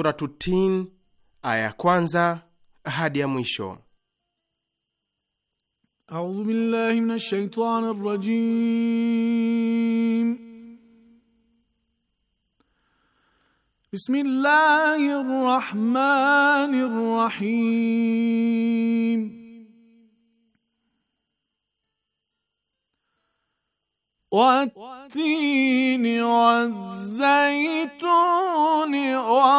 Suratu Tin aya kwanza hadi ya mwisho. Audhu billahi minash shaitani rajim. Bismillahir rahmanir rahim.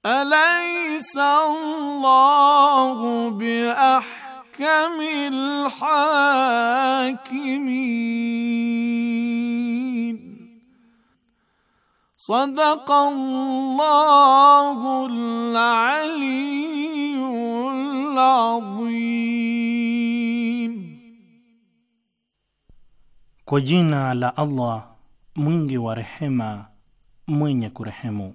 أليس الله بأحكم الحاكمين صدق الله العلي العظيم Kwa jina la Allah mwingi wa rehema mwenye kurehemu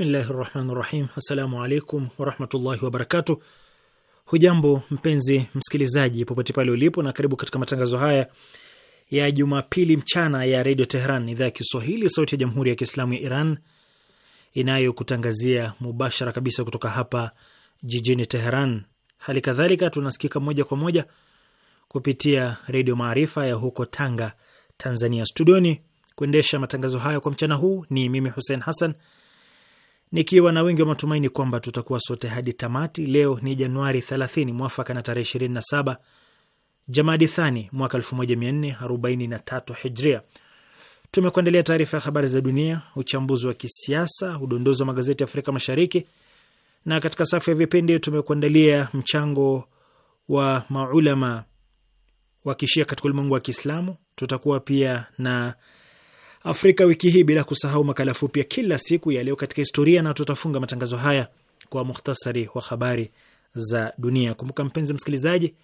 Bismillahi rahmani rahim. Assalamu alaikum warahmatullahi wabarakatu. Hujambo mpenzi msikilizaji, popote pale ulipo, na karibu katika matangazo haya ya Jumapili mchana ya Redio Tehran, idhaa ya Kiswahili, sauti ya Jamhuri ya Kiislamu ya Iran, inayokutangazia mubashara kabisa kutoka hapa jijini Teheran. Hali kadhalika tunasikika moja kwa moja kupitia Redio Maarifa ya huko Tanga, Tanzania. Studioni kuendesha matangazo haya kwa mchana huu ni mimi Hussein Hassan nikiwa na wingi wa matumaini kwamba tutakuwa sote hadi tamati. Leo ni Januari 30 mwafaka na tarehe 27 Jamadi Thani mwaka 1443 Hijria. Tumekuandalia taarifa ya habari za dunia, uchambuzi wa kisiasa, udondozi wa magazeti ya Afrika Mashariki, na katika safu ya vipindi tumekuandalia mchango wa maulama wa kishia katika ulimwengu wa Kiislamu. Tutakuwa pia na Afrika wiki hii, bila kusahau makala fupi ya kila siku ya leo katika historia, na tutafunga matangazo haya kwa muhtasari wa habari za dunia. Kumbuka mpenzi msikilizaji,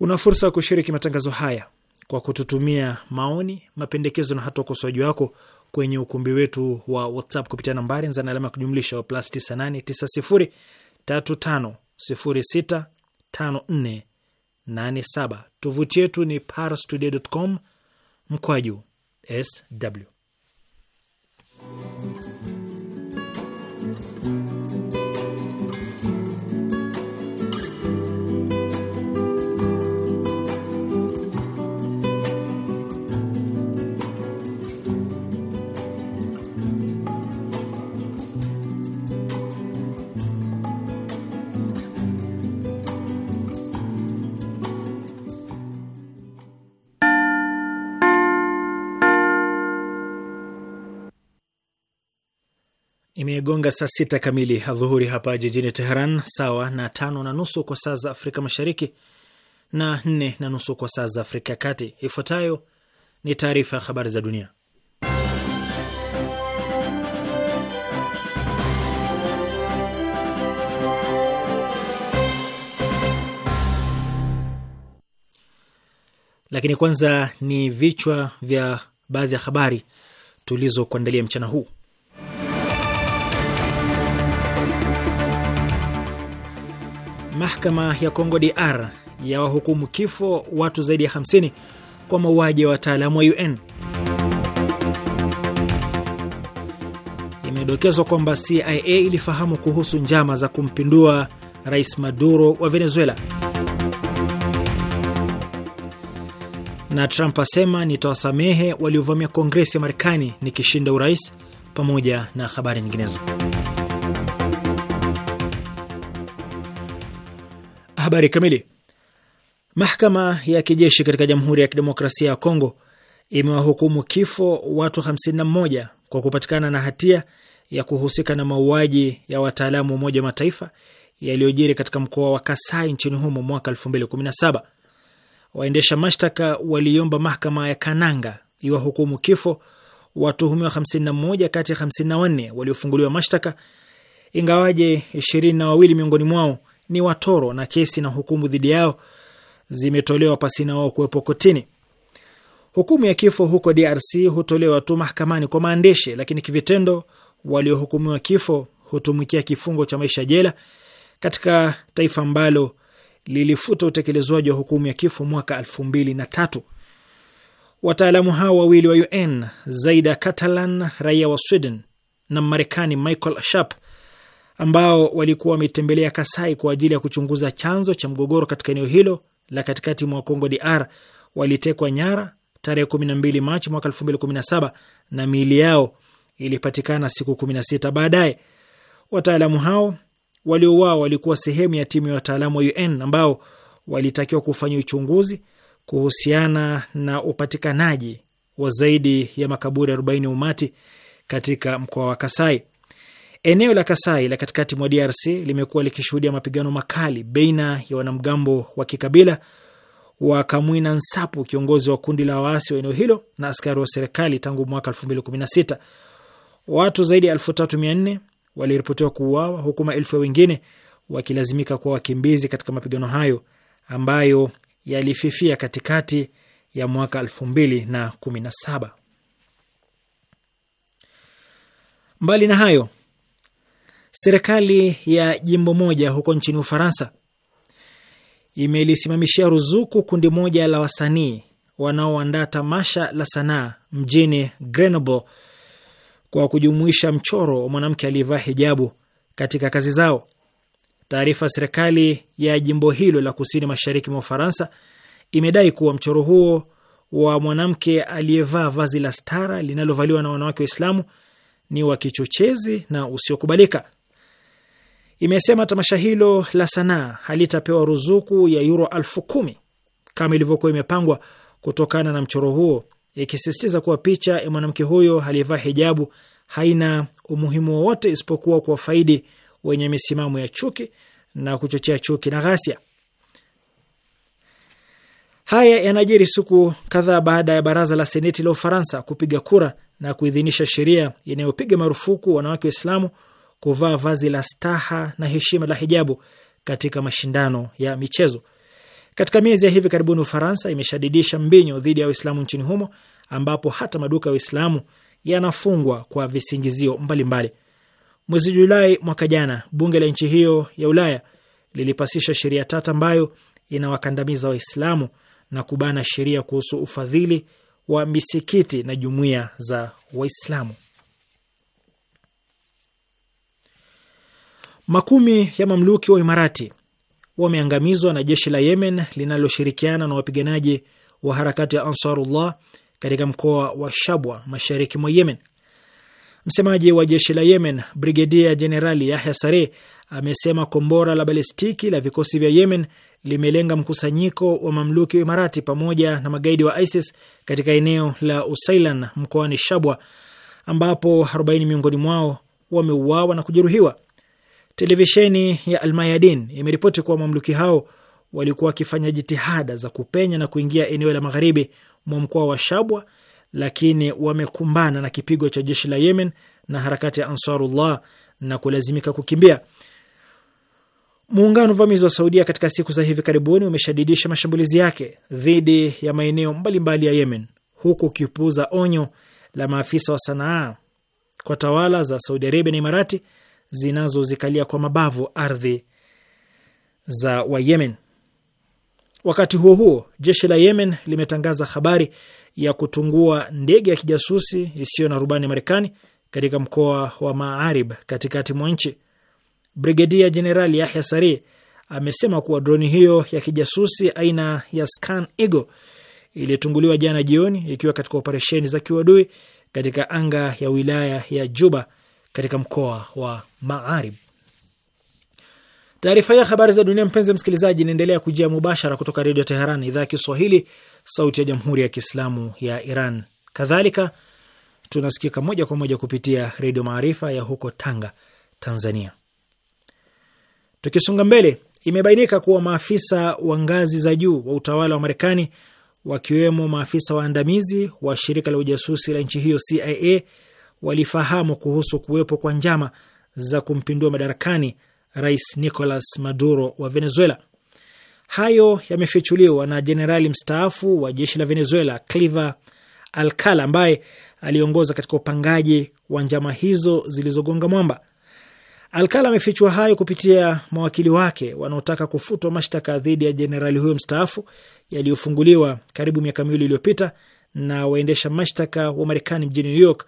una fursa ya kushiriki matangazo haya kwa kututumia maoni, mapendekezo na hata ukosoaji wako kwenye ukumbi wetu wa WhatsApp kupitia nambari anza na alama ya kujumlisha wa plus 989035065487. Tovuti yetu ni parstoday.com mkwaju SW. Imegonga saa sita kamili adhuhuri hapa jijini Teheran, sawa na tano na nusu kwa saa za Afrika Mashariki na nne na nusu kwa saa za Afrika ya Kati. Ifuatayo ni taarifa ya habari za dunia, lakini kwanza ni vichwa vya baadhi ya habari tulizokuandalia mchana huu. Mahakama ya Kongo DR yawahukumu kifo watu zaidi ya 50 kwa mauaji ya wataalamu wa UN. Imedokezwa kwamba CIA ilifahamu kuhusu njama za kumpindua Rais Maduro wa Venezuela. Na Trump asema nitawasamehe waliovamia Kongresi ya Marekani nikishinda urais, pamoja na habari nyinginezo. Habari kamili. Mahakama ya kijeshi katika Jamhuri ya Kidemokrasia ya Kongo imewahukumu kifo watu 51 kwa kupatikana na hatia ya kuhusika na mauaji ya wataalamu wa Umoja wa Mataifa yaliyojiri katika mkoa wa Kasai nchini humo mwaka 2017. Waendesha mashtaka waliomba mahakama ya Kananga iwahukumu kifo watuhumiwa 51 kati ya 54 waliofunguliwa mashtaka, ingawaje ishirini na wawili miongoni mwao ni watoro na kesi na hukumu dhidi yao zimetolewa pasina wao kuwepo kotini. Hukumu ya kifo huko DRC hutolewa tu mahakamani kwa maandishi, lakini kivitendo waliohukumiwa kifo hutumikia kifungo cha maisha jela katika taifa ambalo lilifuta utekelezwaji wa hukumu ya kifo mwaka elfu mbili na tatu. Wataalamu hao wawili wa UN Zaida Catalan, raia wa Sweden, na Marekani Michael Sharp ambao walikuwa wametembelea Kasai kwa ajili ya kuchunguza chanzo cha mgogoro katika eneo hilo la katikati mwa Kongo DR walitekwa nyara tarehe 12 Machi mwaka 2017 na miili yao ilipatikana siku 16 baadaye. Wataalamu hao waliouawa walikuwa sehemu ya timu ya wataalamu wa UN ambao walitakiwa kufanya uchunguzi kuhusiana na upatikanaji wa zaidi ya makaburi 40 umati katika mkoa wa Kasai. Eneo la Kasai la katikati mwa DRC limekuwa likishuhudia mapigano makali baina ya wanamgambo wa kikabila wa Kamwina Nsapu, kiongozi wa kundi la waasi wa eneo hilo, na askari wa serikali tangu mwaka 2016. Watu zaidi ya 3400 waliripotiwa kuuawa huku maelfu ya wengine wakilazimika kuwa wakimbizi katika mapigano hayo ambayo yalififia katikati ya mwaka 2017. Mbali na hayo Serikali ya jimbo moja huko nchini Ufaransa imelisimamishia ruzuku kundi moja la wasanii wanaoandaa tamasha la sanaa mjini Grenoble kwa kujumuisha mchoro wa mwanamke aliyevaa hijabu katika kazi zao. Taarifa serikali ya jimbo hilo la kusini mashariki mwa Ufaransa imedai kuwa mchoro huo wa mwanamke aliyevaa vazi la stara linalovaliwa na wanawake Waislamu ni wa kichochezi na usiokubalika imesema tamasha hilo la sanaa halitapewa ruzuku ya euro elfu kumi kama ilivyokuwa imepangwa kutokana na mchoro huo, ikisisitiza kuwa picha ya mwanamke huyo aliyevaa hijabu haina umuhimu wowote isipokuwa kwa faidi wenye misimamo ya chuki na kuchochea chuki na ghasia. Haya yanajiri siku kadhaa baada ya baraza la seneti la Ufaransa kupiga kura na kuidhinisha sheria inayopiga marufuku wanawake Waislamu kuvaa vazi la staha na heshima la hijabu katika mashindano ya michezo. Katika miezi ya hivi karibuni, Ufaransa imeshadidisha mbinyo dhidi ya Waislamu nchini humo, ambapo hata maduka ya Waislamu yanafungwa kwa visingizio mbalimbali. Mwezi Julai mwaka jana, bunge la nchi hiyo ya Ulaya lilipasisha sheria tata ambayo inawakandamiza Waislamu na kubana sheria kuhusu ufadhili wa misikiti na jumuiya za Waislamu. Makumi ya mamluki wa Imarati wameangamizwa na jeshi la Yemen linaloshirikiana na wapiganaji wa harakati ya Ansarullah katika mkoa wa Shabwa, mashariki mwa Yemen. Msemaji wa jeshi la Yemen, Brigedia Jenerali Yahya Sare, amesema kombora la balistiki la vikosi vya Yemen limelenga mkusanyiko wa mamluki wa Imarati pamoja na magaidi wa ISIS katika eneo la Usailan mkoani Shabwa, ambapo 40 miongoni mwao wameuawa na kujeruhiwa. Televisheni ya Almayadin imeripoti kuwa mamluki hao walikuwa wakifanya jitihada za kupenya na kuingia eneo la magharibi mwa mkoa wa Shabwa, lakini wamekumbana na kipigo cha jeshi la Yemen na harakati ya Ansarullah na kulazimika kukimbia. Muungano uvamizi wa Saudia katika siku za hivi karibuni umeshadidisha mashambulizi yake dhidi ya maeneo mbalimbali ya Yemen, huku ukipuuza onyo la maafisa wa Sanaa kwa tawala za Saudi Arabia na Imarati zinazozikalia kwa mabavu ardhi za Wayemen. Wakati huo huo, jeshi la Yemen limetangaza habari ya kutungua ndege ya kijasusi isiyo na rubani Marekani katika mkoa wa Maarib katikati mwa nchi. Brigedia Jenerali Yahya Sari amesema kuwa droni hiyo ya kijasusi aina ya Scan Eagle ilitunguliwa jana jioni ikiwa katika operesheni za kiuadui katika anga ya wilaya ya Juba katika mkoa wa Maarib. Taarifa ya habari za dunia, mpenzi msikilizaji, inaendelea kujia mubashara kutoka Redio Teheran, idhaa ya Kiswahili, sauti ya Jamhuri ya Kiislamu ya Iran. Kadhalika tunasikika moja kwa moja kupitia Redio Maarifa ya huko Tanga, Tanzania. Tukisonga mbele, imebainika kuwa maafisa wa ngazi za juu wa utawala wa Marekani wakiwemo maafisa waandamizi wa shirika la ujasusi la nchi hiyo CIA walifahamu kuhusu kuwepo kwa njama za kumpindua madarakani rais Nicolas Maduro wa Venezuela. Hayo yamefichuliwa na jenerali mstaafu wa jeshi la Venezuela Cliver Alcala ambaye aliongoza katika upangaji wa njama hizo zilizogonga mwamba. Alkala amefichua hayo kupitia mawakili wake wanaotaka kufutwa mashtaka dhidi ya jenerali huyo mstaafu yaliyofunguliwa karibu miaka miwili iliyopita na waendesha mashtaka wa Marekani mjini New York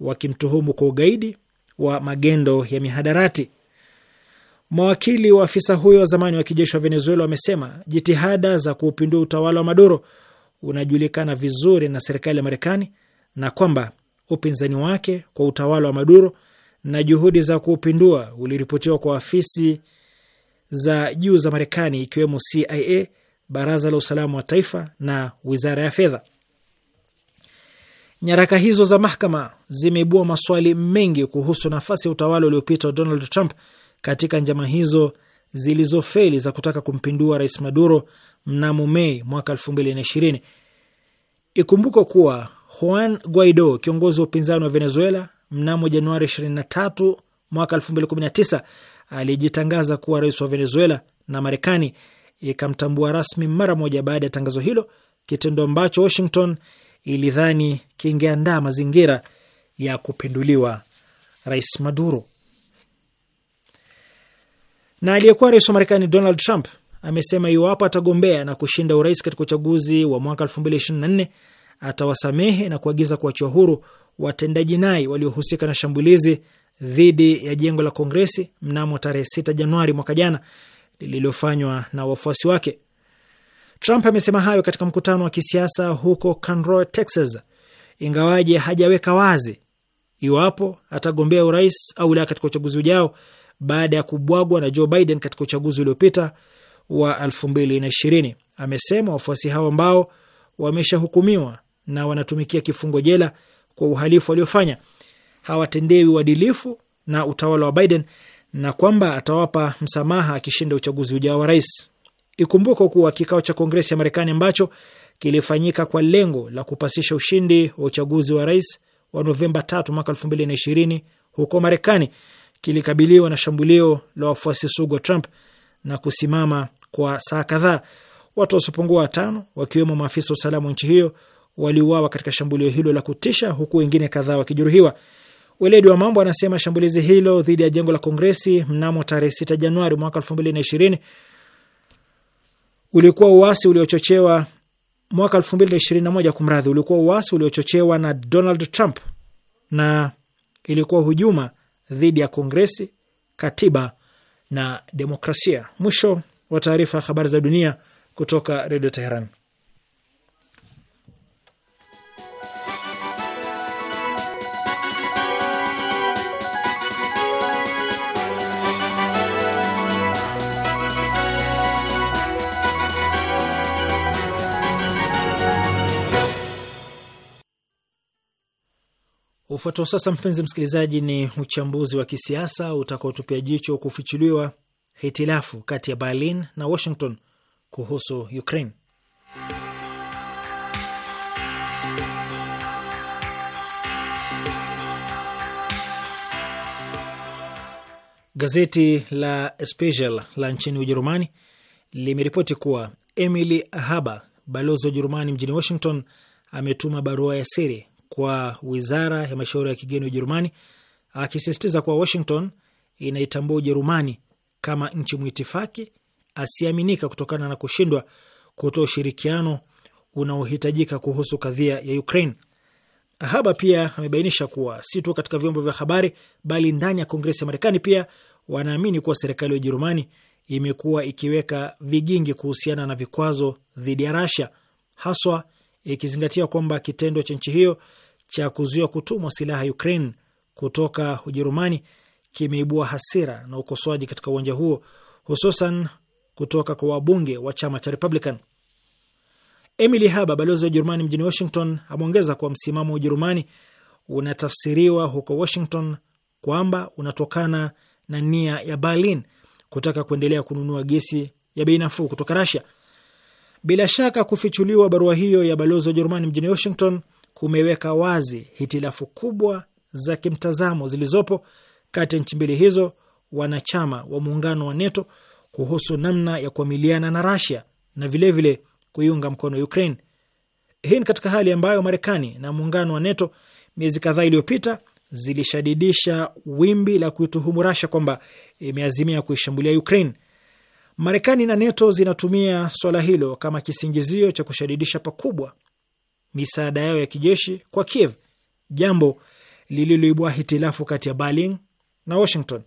wakimtuhumu kwa ugaidi, wa magendo ya mihadarati. Mawakili wa afisa huyo wa zamani wa kijeshi wa Venezuela wamesema jitihada za kuupindua utawala wa Maduro unajulikana vizuri na serikali ya Marekani na kwamba upinzani wake kwa utawala wa Maduro na juhudi za kuupindua uliripotiwa kwa afisi za juu za Marekani ikiwemo CIA, Baraza la Usalama wa Taifa na Wizara ya Fedha. Nyaraka hizo za mahakama zimeibua maswali mengi kuhusu nafasi ya utawala uliopita wa Donald Trump katika njama hizo zilizofeli za kutaka kumpindua Rais Maduro mnamo Mei mwaka 2020. Ikumbukwe kuwa Juan Guaido, kiongozi wa upinzani wa Venezuela, mnamo Januari 23 mwaka 2019 alijitangaza kuwa rais wa Venezuela na Marekani ikamtambua rasmi mara moja baada ya tangazo hilo, kitendo ambacho Washington ilidhani kingeandaa mazingira ya kupinduliwa Rais Maduro. Na aliyekuwa rais wa Marekani Donald Trump amesema iwapo atagombea na kushinda urais katika uchaguzi wa mwaka 2024 atawasamehe na kuagiza kuachiwa huru watendaji nai waliohusika na shambulizi dhidi ya jengo la Kongresi mnamo tarehe 6 Januari mwaka jana lililofanywa na wafuasi wake. Trump amesema hayo katika mkutano wa kisiasa huko Conroe, Texas, ingawaje hajaweka wazi iwapo atagombea urais au la katika uchaguzi ujao baada ya kubwagwa na Joe Biden katika uchaguzi uliopita wa 2020. Amesema wafuasi hao ambao wameshahukumiwa na wanatumikia kifungo jela kwa uhalifu waliofanya hawatendewi uadilifu na utawala wa Biden na kwamba atawapa msamaha akishinda uchaguzi ujao wa rais. Ikumbukwa kuwa kikao cha Kongresi ya Marekani ambacho kilifanyika kwa lengo la kupasisha ushindi wa uchaguzi wa rais wa Novemba 3 mwaka 2020 huko Marekani kilikabiliwa na shambulio la wafuasi sugu wa Trump na kusimama kwa saa kadhaa. Watu wasiopungua watano wakiwemo maafisa wa usalama wa nchi hiyo waliuawa katika shambulio hilo la kutisha, huku wengine kadhaa wakijeruhiwa. Weledi wa mambo anasema shambulizi hilo dhidi ya jengo la Kongresi mnamo tarehe 6 Januari mwaka 2020 ulikuwa uasi uliochochewa mwaka 2021, kumradhi, ulikuwa uasi uliochochewa na Donald Trump na ilikuwa hujuma dhidi ya Kongresi, katiba na demokrasia. Mwisho wa taarifa ya habari za dunia kutoka Redio Teheran. Ufuatao sasa, mpenzi msikilizaji, ni uchambuzi wa kisiasa utakaotupia jicho kufichuliwa hitilafu kati ya Berlin na Washington kuhusu Ukraine. Gazeti la Spiegel la nchini Ujerumani limeripoti kuwa Emily Haber, balozi wa Ujerumani mjini Washington, ametuma barua ya siri kwa wizara ya mashauri ya kigeni ya Ujerumani, akisisitiza kuwa Washington inaitambua Ujerumani kama nchi mwitifaki asiaminika kutokana na kushindwa kutoa ushirikiano unaohitajika kuhusu kadhia ya Ukraine. Haba pia amebainisha kuwa si tu katika vyombo vya habari bali ndani ya Kongresi ya Marekani pia wanaamini kuwa serikali ya Ujerumani imekuwa ikiweka vigingi kuhusiana na vikwazo dhidi ya Russia, haswa ikizingatia kwamba kitendo cha nchi hiyo cha kuzuia kutumwa silaha Ukraine kutoka Ujerumani kimeibua hasira na ukosoaji katika uwanja huo, hususan kutoka kwa wabunge wa chama cha Republican. Emily Haber, balozi wa Ujerumani mjini Washington, ameongeza kuwa msimamo wa Ujerumani unatafsiriwa huko Washington kwamba unatokana na nia ya Berlin kutaka kuendelea kununua gesi ya bei nafuu kutoka Russia. Bila shaka kufichuliwa barua hiyo ya balozi wa Ujerumani mjini Washington kumeweka wazi hitilafu kubwa za kimtazamo zilizopo kati ya nchi mbili hizo wanachama wa muungano wa NATO kuhusu namna ya kuamiliana na Rasia na vilevile kuiunga mkono Ukraine. Hii ni katika hali ambayo Marekani na muungano wa NATO miezi kadhaa iliyopita zilishadidisha wimbi la kuituhumu Rasha kwamba imeazimia kuishambulia Ukraine. Marekani na NATO zinatumia swala hilo kama kisingizio cha kushadidisha pakubwa misaada yao ya kijeshi kwa Kiev, jambo lililoibua hitilafu kati ya Berlin na Washington.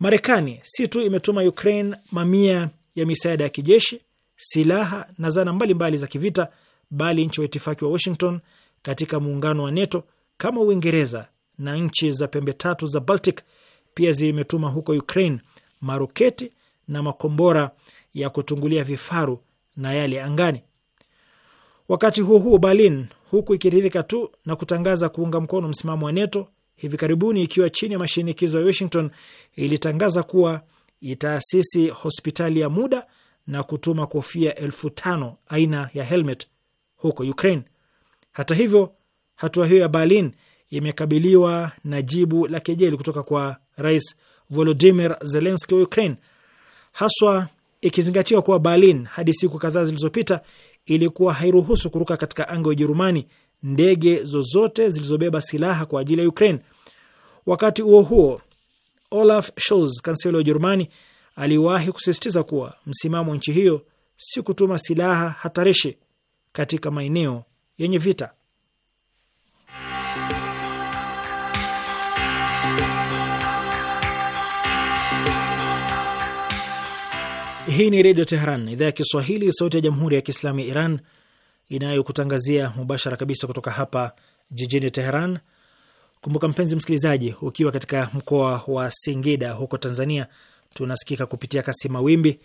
Marekani si tu imetuma Ukraine mamia ya misaada ya kijeshi, silaha na zana mbalimbali mbali za kivita, bali nchi wa itifaki wa Washington katika muungano wa NATO kama Uingereza na nchi za pembe tatu za Baltic pia zimetuma huko Ukraine maroketi na makombora ya kutungulia vifaru na yale angani. Wakati huo huo, Berlin huku ikiridhika tu na kutangaza kuunga mkono msimamo wa NATO, hivi karibuni ikiwa chini ya mashinikizo ya Washington, ilitangaza kuwa itaasisi hospitali ya muda na kutuma kofia elfu tano aina ya helmet huko Ukraine. Hata hivyo, hatua hiyo ya Berlin imekabiliwa na jibu la kejeli kutoka kwa Rais Volodimir Zelenski wa Ukraine, haswa ikizingatiwa kuwa Berlin hadi siku kadhaa zilizopita ilikuwa hairuhusu kuruka katika anga ya Ujerumani ndege zozote zilizobeba silaha kwa ajili ya Ukraine. Wakati huo huo, Olaf Scholz, kansela ya Ujerumani, aliwahi kusisitiza kuwa msimamo wa nchi hiyo si kutuma silaha hatarishi katika maeneo yenye vita. Hii ni Redio Teheran, idhaa ya Kiswahili, sauti ya Jamhuri ya Kiislamu ya Iran, inayokutangazia mubashara kabisa kutoka hapa jijini Teheran. Kumbuka mpenzi msikilizaji, ukiwa katika mkoa wa Singida huko Tanzania, tunasikika kupitia kasi mawimbi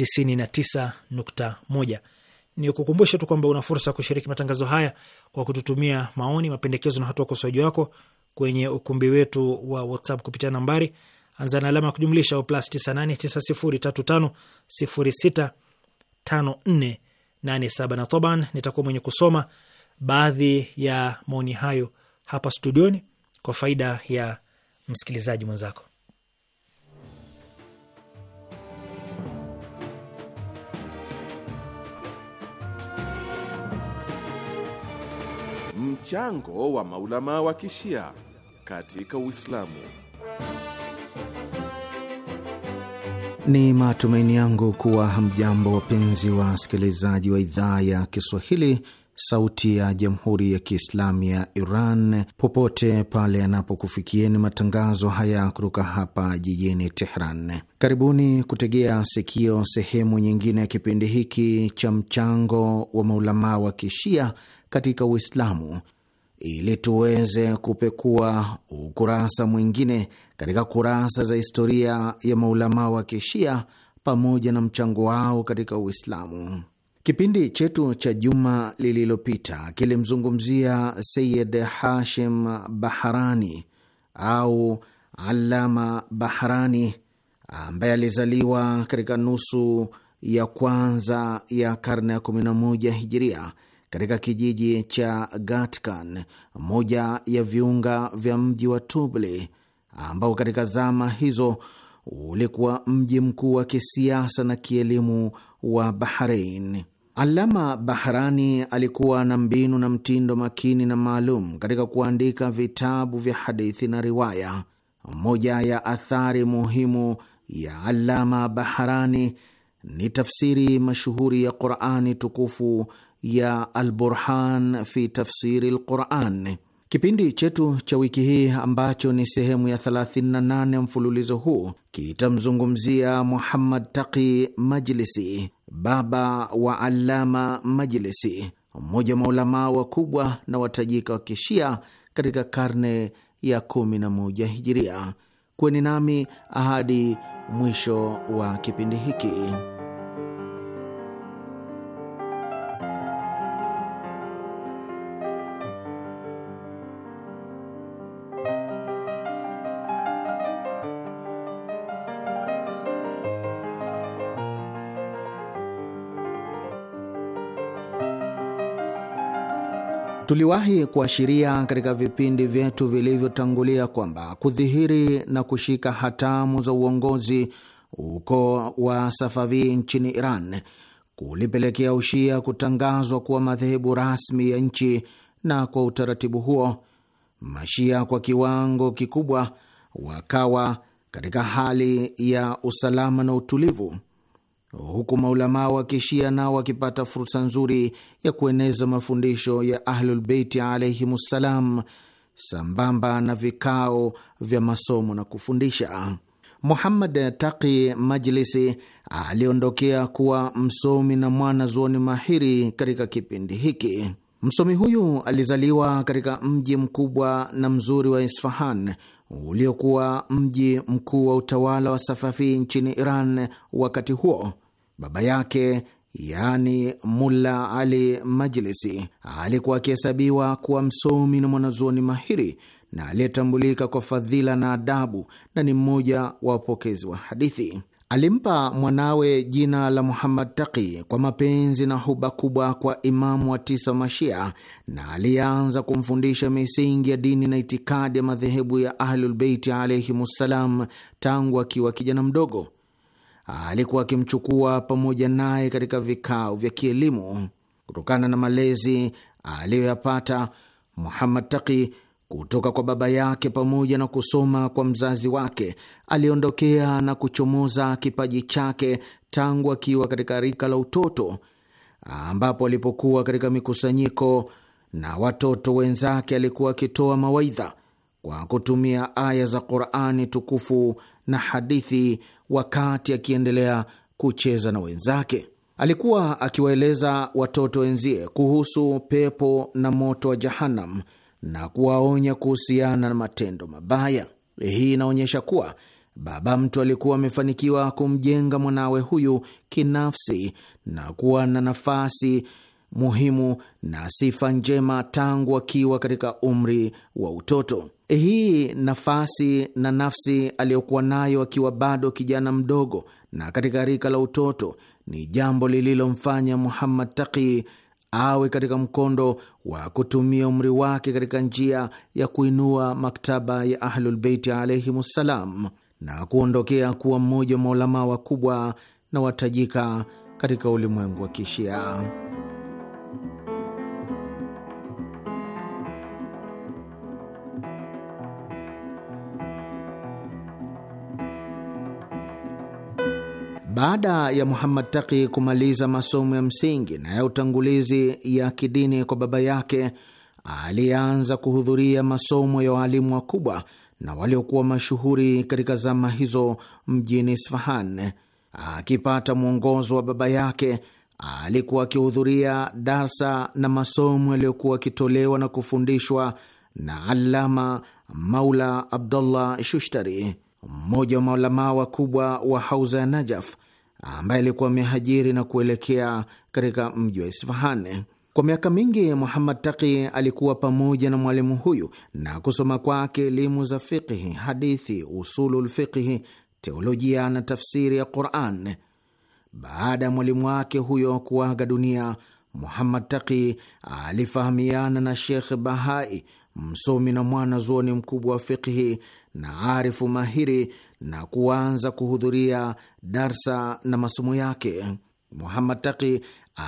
99.1. Ni kukumbusha tu kwamba una fursa ya kushiriki matangazo haya kwa kututumia maoni, mapendekezo na hatua ukosoaji wako kwenye ukumbi wetu wa WhatsApp kupitia nambari anza na alama ya kujumlisha au plus 989035065487 na toban, nitakuwa mwenye kusoma baadhi ya maoni hayo hapa studioni kwa faida ya msikilizaji mwenzako. Mchango wa maulama wa kishia katika Uislamu. Ni matumaini yangu kuwa hamjambo, wapenzi wa wasikilizaji wa idhaa ya Kiswahili, Sauti ya Jamhuri ya Kiislamu ya Iran, popote pale yanapokufikieni matangazo haya kutoka hapa jijini Tehran. Karibuni kutegea sikio sehemu nyingine ya kipindi hiki cha mchango wa maulamaa wa kishia katika Uislamu, ili tuweze kupekua ukurasa mwingine katika kurasa za historia ya maulamaa wa kishia pamoja na mchango wao katika Uislamu. Kipindi chetu cha juma lililopita kilimzungumzia Sayid Hashim Baharani au Alama Baharani ambaye alizaliwa katika nusu ya kwanza ya karne ya 11 hijiria katika kijiji cha Gatkan, moja ya viunga vya mji wa Tubli ambao katika zama hizo ulikuwa mji mkuu wa kisiasa na kielimu wa Bahrain. Alama Bahrani alikuwa na mbinu na mtindo makini na maalum katika kuandika vitabu vya hadithi na riwaya. Moja ya athari muhimu ya Alama Bahrani ni tafsiri mashuhuri ya Qurani tukufu ya Alburhan fi tafsiri Lquran. Kipindi chetu cha wiki hii ambacho ni sehemu ya 38 ya mfululizo huu kitamzungumzia Muhammad Taqi Majlisi, baba wa Alama Majlisi, mmoja wa maulamaa wakubwa na watajika wa Kishia katika karne ya 11 Hijiria. Kweni nami ahadi mwisho wa kipindi hiki. Tuliwahi kuashiria katika vipindi vyetu vilivyotangulia kwamba kudhihiri na kushika hatamu za uongozi ukoo wa Safavi nchini Iran kulipelekea Ushia kutangazwa kuwa madhehebu rasmi ya nchi, na kwa utaratibu huo Mashia kwa kiwango kikubwa wakawa katika hali ya usalama na utulivu huku maulamaa wa kishia nao wakipata fursa nzuri ya kueneza mafundisho ya Ahlulbeiti ssalam sambamba na vikao vya masomo na kufundisha. Muhammad Taqi Majlisi aliondokea kuwa msomi na mwana zuoni mahiri katika kipindi hiki. Msomi huyu alizaliwa katika mji mkubwa na mzuri wa Isfahan uliokuwa mji mkuu wa utawala wa safafi nchini Iran wakati huo. Baba yake yaani Mulla Ali Majlisi alikuwa akihesabiwa kuwa msomi na mwanazuoni mahiri na aliyetambulika kwa fadhila na adabu na ni mmoja wa wapokezi wa hadithi. Alimpa mwanawe jina la Muhammad Taqi kwa mapenzi na huba kubwa kwa imamu wa tisa Mashia, na alianza kumfundisha misingi ya dini na itikadi ya madhehebu ya Ahlulbeiti alaihimussalam tangu akiwa kijana mdogo. Alikuwa akimchukua pamoja naye katika vikao vya kielimu. Kutokana na malezi aliyoyapata, Muhammad Taqi kutoka kwa baba yake pamoja na kusoma kwa mzazi wake, aliondokea na kuchomoza kipaji chake tangu akiwa katika rika la utoto, ambapo alipokuwa katika mikusanyiko na watoto wenzake alikuwa akitoa mawaidha kwa kutumia aya za Qurani tukufu na hadithi. Wakati akiendelea kucheza na wenzake, alikuwa akiwaeleza watoto wenzie kuhusu pepo na moto wa Jahannam na kuwaonya kuhusiana na matendo mabaya. Hii inaonyesha kuwa baba mtu alikuwa amefanikiwa kumjenga mwanawe huyu kinafsi na kuwa na nafasi muhimu na sifa njema tangu akiwa katika umri wa utoto. Hii nafasi na nafsi aliyokuwa nayo akiwa bado kijana mdogo na katika rika la utoto ni jambo lililomfanya Muhammad Taqi awe katika mkondo wa kutumia umri wake katika njia ya kuinua maktaba ya Ahlulbeiti alaihimussalam na kuondokea kuwa mmoja wa maulamaa wakubwa na watajika katika ulimwengu wa Kishia. Baada ya Muhammad taki kumaliza masomo ya msingi na ya utangulizi ya kidini kwa baba yake, alianza kuhudhuria masomo ya waalimu wakubwa na waliokuwa mashuhuri katika zama hizo mjini Isfahan. Akipata mwongozo wa baba yake, alikuwa akihudhuria darsa na masomo yaliyokuwa akitolewa na kufundishwa na Allama Maula Abdullah Shushtari, mmoja wa maulamaa wakubwa wa hauza ya Najaf ambaye alikuwa amehajiri na kuelekea katika mji wa Isfahan. Kwa miaka mingi Muhammad Taqi alikuwa pamoja na mwalimu huyu na kusoma kwake elimu za fiqhi, hadithi, usulul fiqhi, teolojia na tafsiri ya Quran. Baada ya mwalimu wake huyo kuaga dunia, Muhammad Taqi alifahamiana na Shekh Bahai, msomi na mwana zuoni mkubwa wa fiqhi na arifu mahiri na kuanza kuhudhuria darsa na masomo yake. Muhammad Taki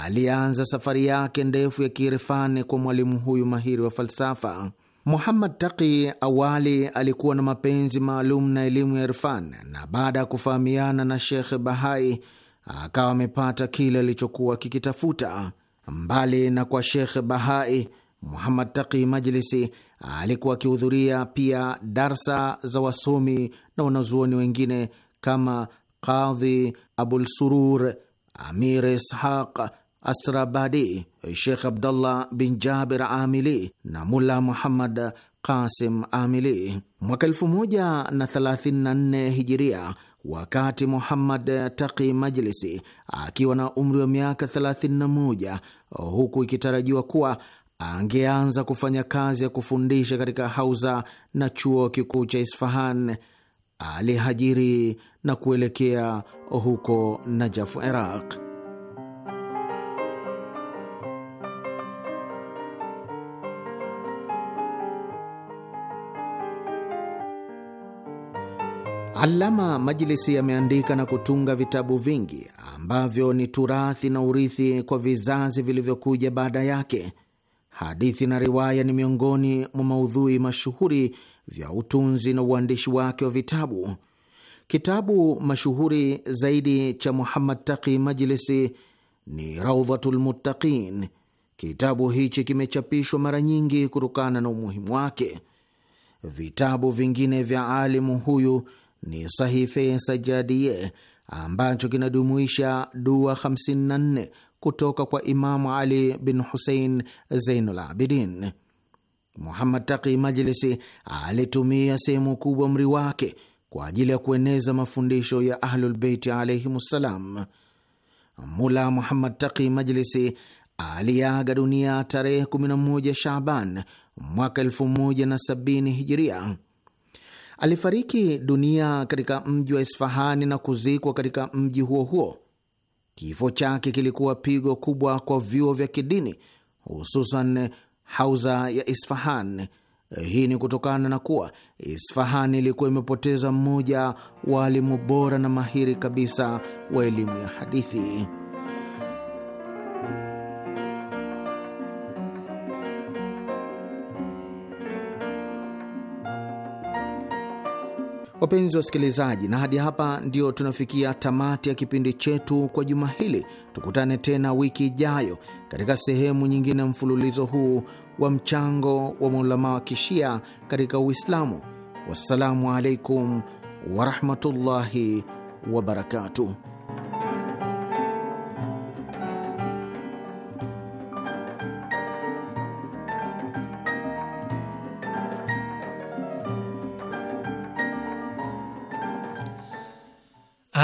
alianza safari yake ndefu ya kiirfani kwa mwalimu huyu mahiri wa falsafa. Muhammad taki awali alikuwa na mapenzi maalum na elimu ya irfan, na baada ya kufahamiana na shekhe Bahai akawa amepata kile alichokuwa kikitafuta. Mbali na kwa shekhe Bahai, Muhammad Taki Majlisi alikuwa akihudhuria pia darsa za wasomi na wanazuoni wengine kama Qadhi surur Amir Ishaq Asrabadi, Sheikh Abdullah bin jaber Amili na Mulla Muhammad Qasim Amili. Mwaka elfu na nne Hijiria, wakati Muhammad Taqi Majlisi akiwa na umri wa miaka 31, huku ikitarajiwa kuwa angeanza kufanya kazi ya kufundisha katika hauza na chuo kikuu cha Isfahan, alihajiri na kuelekea huko najafu Iraq. Alama Majlisi ameandika na kutunga vitabu vingi ambavyo ni turathi na urithi kwa vizazi vilivyokuja baada yake. Hadithi na riwaya ni miongoni mwa maudhui mashuhuri vya utunzi na uandishi wake wa vitabu. Kitabu mashuhuri zaidi cha Muhammad Taqi Majlisi ni Raudhatul Muttaqin. Kitabu hichi kimechapishwa mara nyingi kutokana na umuhimu wake. Vitabu vingine vya alimu huyu ni Sahife Sajadie ambacho kinajumuisha dua 54 kutoka kwa Imamu Ali bin Husein Zeinul Abidin. Muhammad Taqi Majlisi alitumia sehemu kubwa umri wake kwa ajili ya kueneza mafundisho ya Ahlulbeiti alaihimussalam. Mula Muhammad Taqi Majlisi aliaga dunia tarehe 11 Shaban mwaka 1070 Hijiria. Alifariki dunia katika mji wa Isfahani na kuzikwa katika mji huo huo. Kifo chake kilikuwa pigo kubwa kwa vyuo vya kidini, hususan hauza ya Isfahan. Hii ni kutokana na kuwa Isfahan ilikuwa imepoteza mmoja wa alimu bora na mahiri kabisa wa elimu ya hadithi. Wapenzi wasikilizaji, na hadi hapa ndio tunafikia tamati ya kipindi chetu kwa juma hili. Tukutane tena wiki ijayo katika sehemu nyingine mfululizo huu wa mchango wa maulama wa kishia katika Uislamu. Wassalamu alaikum warahmatullahi wabarakatuh.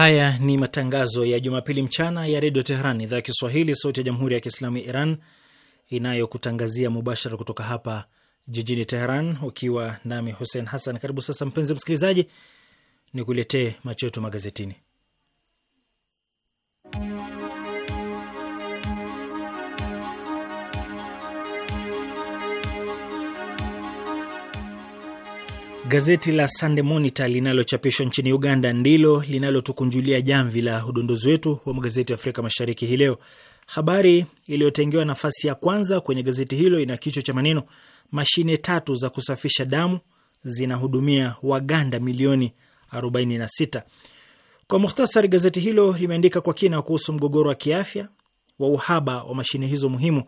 Haya ni matangazo ya Jumapili mchana ya Redio Teheran, idhaa ya Kiswahili, sauti ya Jamhuri ya Kiislamu ya Iran, inayokutangazia mubashara kutoka hapa jijini Teheran, ukiwa nami Hussein Hassan. Karibu sasa, mpenzi msikilizaji, ni kuletee macho yetu magazetini. Gazeti la Sunday Monitor linalochapishwa nchini Uganda ndilo linalotukunjulia jamvi la udondozi wetu wa magazeti ya Afrika Mashariki hii leo. Habari iliyotengewa nafasi ya kwanza kwenye gazeti hilo ina kichwa cha maneno, mashine tatu za kusafisha damu zinahudumia Waganda milioni 46. Kwa muhtasari, gazeti hilo limeandika kwa kina kuhusu mgogoro wa kiafya wa uhaba wa mashine hizo muhimu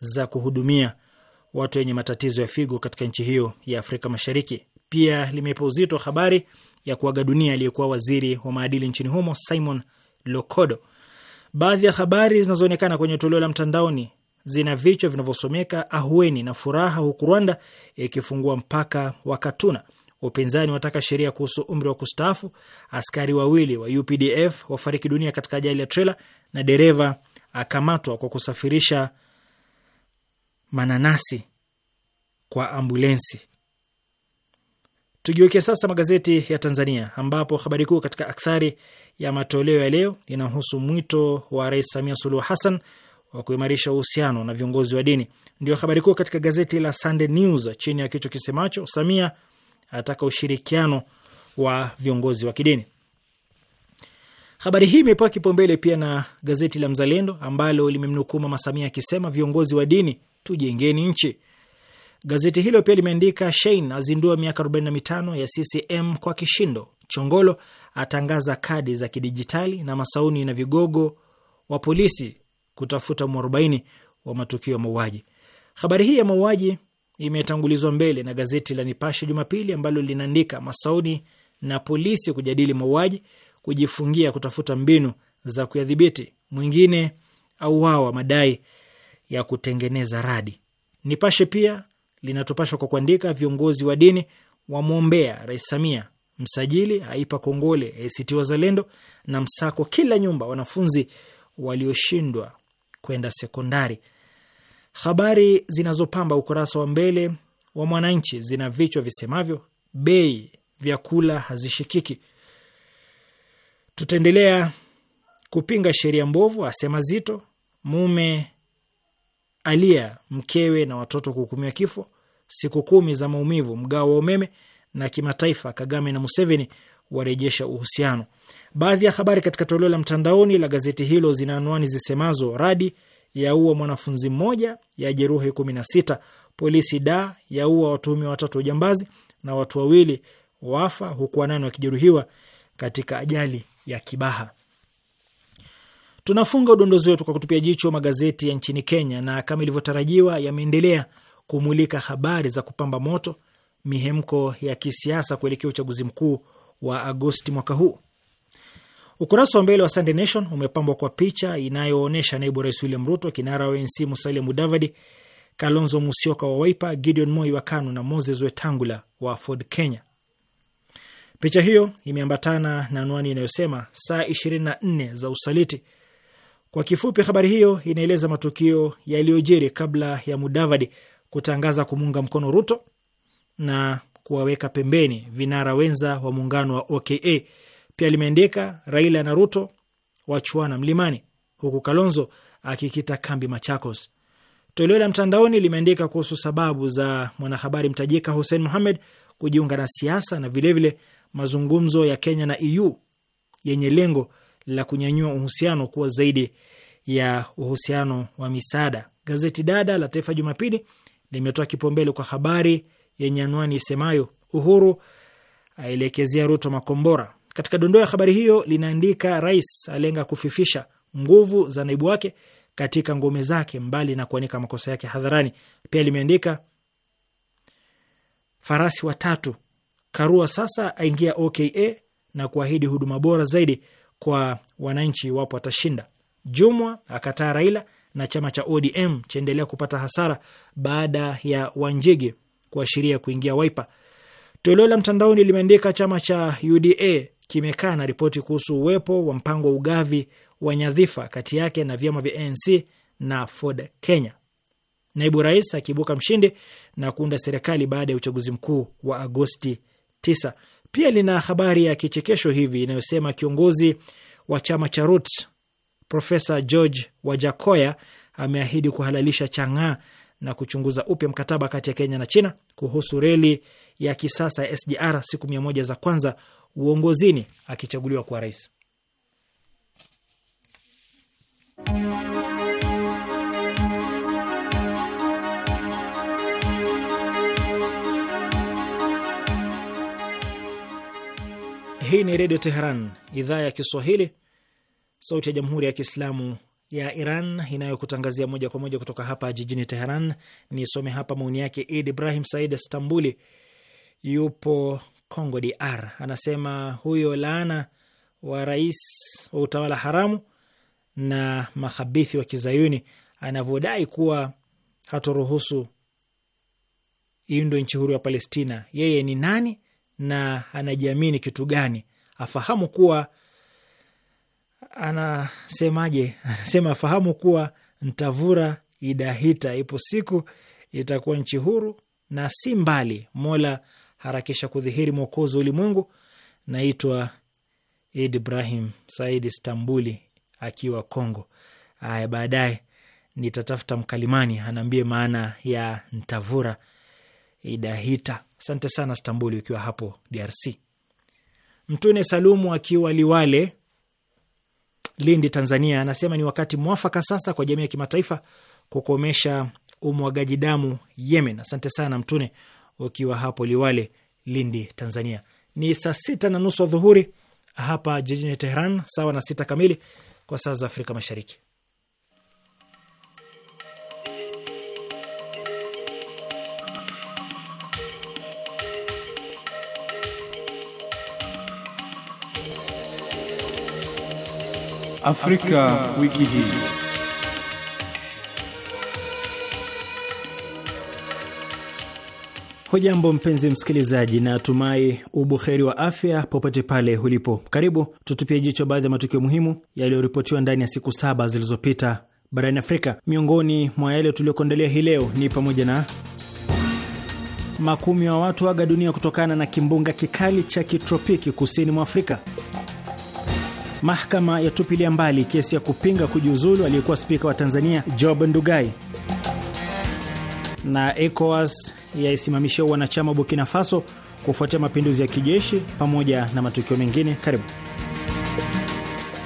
za kuhudumia watu wenye matatizo ya figo katika nchi hiyo ya Afrika Mashariki pia limepa uzito habari ya kuaga dunia aliyekuwa waziri wa maadili nchini humo Simon Lokodo. Baadhi ya habari zinazoonekana kwenye toleo la mtandaoni zina vichwa vinavyosomeka ahueni na furaha, huku Rwanda ikifungua mpaka wa Katuna, upinzani wataka sheria kuhusu umri wa kustaafu, askari wawili wa UPDF wafariki dunia katika ajali ya trela, na dereva akamatwa kwa kusafirisha mananasi kwa ambulensi. Tugeuke sasa magazeti ya Tanzania, ambapo habari kuu katika akthari ya matoleo ya leo inahusu mwito wa Rais Samia Suluhu Hassan wa kuimarisha uhusiano na viongozi wa dini. Ndio habari kuu katika gazeti la Sunday News chini ya kichwa kisemacho Samia ataka ushirikiano wa viongozi wa kidini. Habari hii imepewa kipaumbele pia na gazeti la Mzalendo ambalo limemnukuu Mama Samia akisema viongozi wa dini tujengeni nchi. Gazeti hilo pia limeandika Shein azindua miaka 45 ya CCM kwa kishindo, Chongolo atangaza kadi za kidijitali, na Masauni na vigogo wa polisi kutafuta mwarobaini wa matukio ya mauaji. Habari hii ya mauaji imetangulizwa mbele na gazeti la Nipashe Jumapili ambalo linaandika Masauni na polisi kujadili mauaji, kujifungia kutafuta mbinu za kuyadhibiti, mwingine auawa madai ya kutengeneza radi. Nipashe pia linatupashwa kwa kuandika viongozi wa dini wamwombea Rais Samia, msajili aipa kongole ACT Wazalendo na msako kila nyumba wanafunzi walioshindwa kwenda sekondari. Habari zinazopamba ukurasa wa mbele wa Mwananchi zina vichwa visemavyo bei vyakula hazishikiki, tutaendelea kupinga sheria mbovu, asema Zito, mume alia mkewe na watoto kuhukumiwa kifo, siku kumi za maumivu, mgao wa umeme na kimataifa, Kagame na Museveni warejesha uhusiano. Baadhi ya habari katika toleo la mtandaoni la gazeti hilo zina anwani zisemazo radi yaua mwanafunzi mmoja, ya jeruhi kumi na sita, polisi da yaua watuhumiwa watatu ujambazi na watu wawili wafa huku wanane wakijeruhiwa katika ajali ya Kibaha. Tunafunga udondozi wetu kwa kutupia jicho magazeti ya nchini Kenya, na kama ilivyotarajiwa yameendelea kumulika habari za kupamba moto mihemko ya kisiasa kuelekea uchaguzi mkuu wa Agosti mwaka huu. Ukurasa wa mbele wa Sunday Nation umepambwa kwa picha inayoonyesha naibu rais William Ruto, kinara wa ANC Musalia Mudavadi, Kalonzo Musyoka wa Wiper, Gideon Moi wa KANU na Moses Wetangula wa Ford Kenya. Picha hiyo imeambatana na anwani inayosema saa 24 za usaliti. Kwa kifupi, habari hiyo inaeleza matukio yaliyojiri kabla ya Mudavadi kutangaza kumuunga mkono Ruto na kuwaweka pembeni vinara wenza wa muungano wa OKA. Pia limeandika Raila na Ruto wachuana mlimani, huku Kalonzo akikita kambi Machakos. Toleo la mtandaoni limeandika kuhusu sababu za mwanahabari mtajika Hussein Mohamed kujiunga na siasa na vilevile vile mazungumzo ya Kenya na EU yenye lengo la kunyanyua uhusiano kuwa zaidi ya uhusiano wa misaada. Gazeti dada la Taifa Jumapili limetoa kipaumbele kwa habari yenye anwani isemayo Uhuru aelekezea Ruto makombora. Katika dondoo ya habari hiyo linaandika, rais alenga kufifisha nguvu za naibu wake katika ngome zake, mbali na kuanika makosa yake hadharani. Pia limeandika farasi watatu Karua sasa aingia OKA na kuahidi huduma bora zaidi kwa wananchi iwapo atashinda. Jumwa akataa Raila na chama cha ODM chaendelea kupata hasara baada ya Wanjigi kuashiria kuingia Waipa. Toleo la mtandaoni limeandika chama cha UDA kimekaa na ripoti kuhusu uwepo wa mpango wa ugavi wa nyadhifa kati yake na vyama vya ANC na Ford Kenya. Naibu rais akiibuka mshindi na kuunda serikali baada ya uchaguzi mkuu wa Agosti 9. Pia lina habari ya kichekesho hivi inayosema kiongozi wa chama cha Roots Profesa George Wajakoya ameahidi kuhalalisha chang'aa na kuchunguza upya mkataba kati ya Kenya na China kuhusu reli ya kisasa ya SGR siku mia moja za kwanza uongozini akichaguliwa kuwa rais. Hii ni Redio Teheran, idhaa ya Kiswahili, sauti ya jamhuri ya kiislamu ya Iran inayokutangazia moja kwa moja kutoka hapa jijini Teheran. Nisome hapa maoni yake. Id Ibrahim Said Stambuli yupo Congo DR, anasema huyo laana wa rais wa utawala haramu na makhabithi wa kizayuni anavyodai kuwa hatoruhusu iundo nchi huru ya Palestina, yeye ni nani na anajiamini kitu gani? Afahamu kuwa anasemaje? Anasema fahamu kuwa Ntavura idahita, ipo siku itakuwa nchi huru na si mbali. Mola harakisha kudhihiri mwokozi ulimwengu. Naitwa Id Ibrahim Said Istambuli akiwa Kongo. Aya, baadaye nitatafuta mkalimani anaambie maana ya Ntavura idahita. Asante sana Stambuli ukiwa hapo DRC. Mtune Salumu akiwa Liwale Lindi, Tanzania, anasema ni wakati mwafaka sasa kwa jamii ya kimataifa kukomesha umwagaji damu Yemen. Asante sana Mtune, ukiwa hapo Liwale, Lindi, Tanzania. Ni saa sita na nusu adhuhuri hapa jijini Teheran, sawa na sita kamili kwa saa za Afrika Mashariki. Afrika, wiki hii. Hujambo mpenzi msikilizaji, na tumai ubuheri wa afya popote pale ulipo. Karibu tutupie jicho baadhi ya matukio muhimu yaliyoripotiwa ndani ya siku saba zilizopita barani Afrika. Miongoni mwa yale tuliyokuandalia hii leo ni pamoja na makumi wa watu waga dunia kutokana na kimbunga kikali cha kitropiki kusini mwa Afrika, mahakama yatupilia mbali kesi ya kupinga kujiuzulu aliyekuwa spika wa Tanzania Job Ndugai, na ECOWAS yaisimamisha wanachama Burkina Faso kufuatia mapinduzi ya kijeshi, pamoja na matukio mengine. Karibu.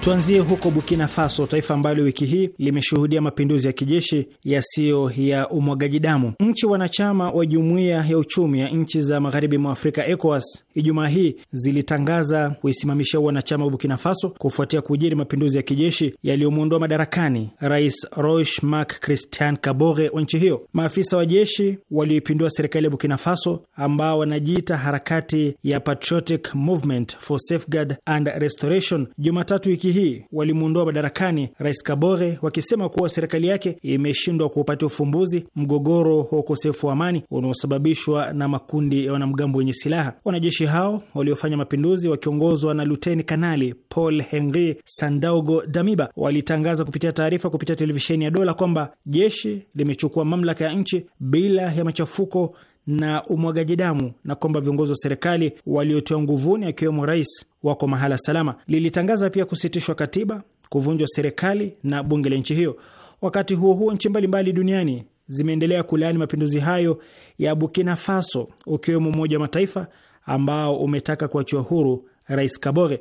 Tuanzie huko Burkina Faso, taifa ambalo wiki hii limeshuhudia mapinduzi ya kijeshi yasiyo ya umwagaji damu. Nchi wanachama wa Jumuiya ya Uchumi ya Nchi za Magharibi mwa Afrika, ECOWAS, Ijumaa hii zilitangaza kuisimamisha wanachama wa Burkina Faso kufuatia kujiri mapinduzi ya kijeshi yaliyomwondoa madarakani Rais Roch Marc Christian Kabore wa nchi hiyo. Maafisa wa jeshi walioipindua serikali ya Burkina Faso, ambao wanajiita harakati ya Patriotic Movement for Safeguard and Restoration, Jumatatu wiki hii walimwondoa madarakani Rais Kabore wakisema kuwa serikali yake imeshindwa kuupatia ufumbuzi mgogoro wa ukosefu wa amani unaosababishwa na makundi ya wanamgambo wenye silaha. Wanajeshi hao waliofanya mapinduzi wakiongozwa na Luteni Kanali Paul Henri Sandaogo Damiba walitangaza kupitia taarifa kupitia televisheni ya dola kwamba jeshi limechukua mamlaka ya nchi bila ya machafuko na umwagaji damu na kwamba viongozi wa serikali waliotiwa nguvuni akiwemo rais wako mahala salama. Lilitangaza pia kusitishwa katiba, kuvunjwa serikali na bunge la nchi hiyo. Wakati huo huo, nchi mbalimbali duniani zimeendelea kulaani mapinduzi hayo ya Burkina Faso, ukiwemo Umoja wa Mataifa ambao umetaka kuachiwa huru rais Kabore.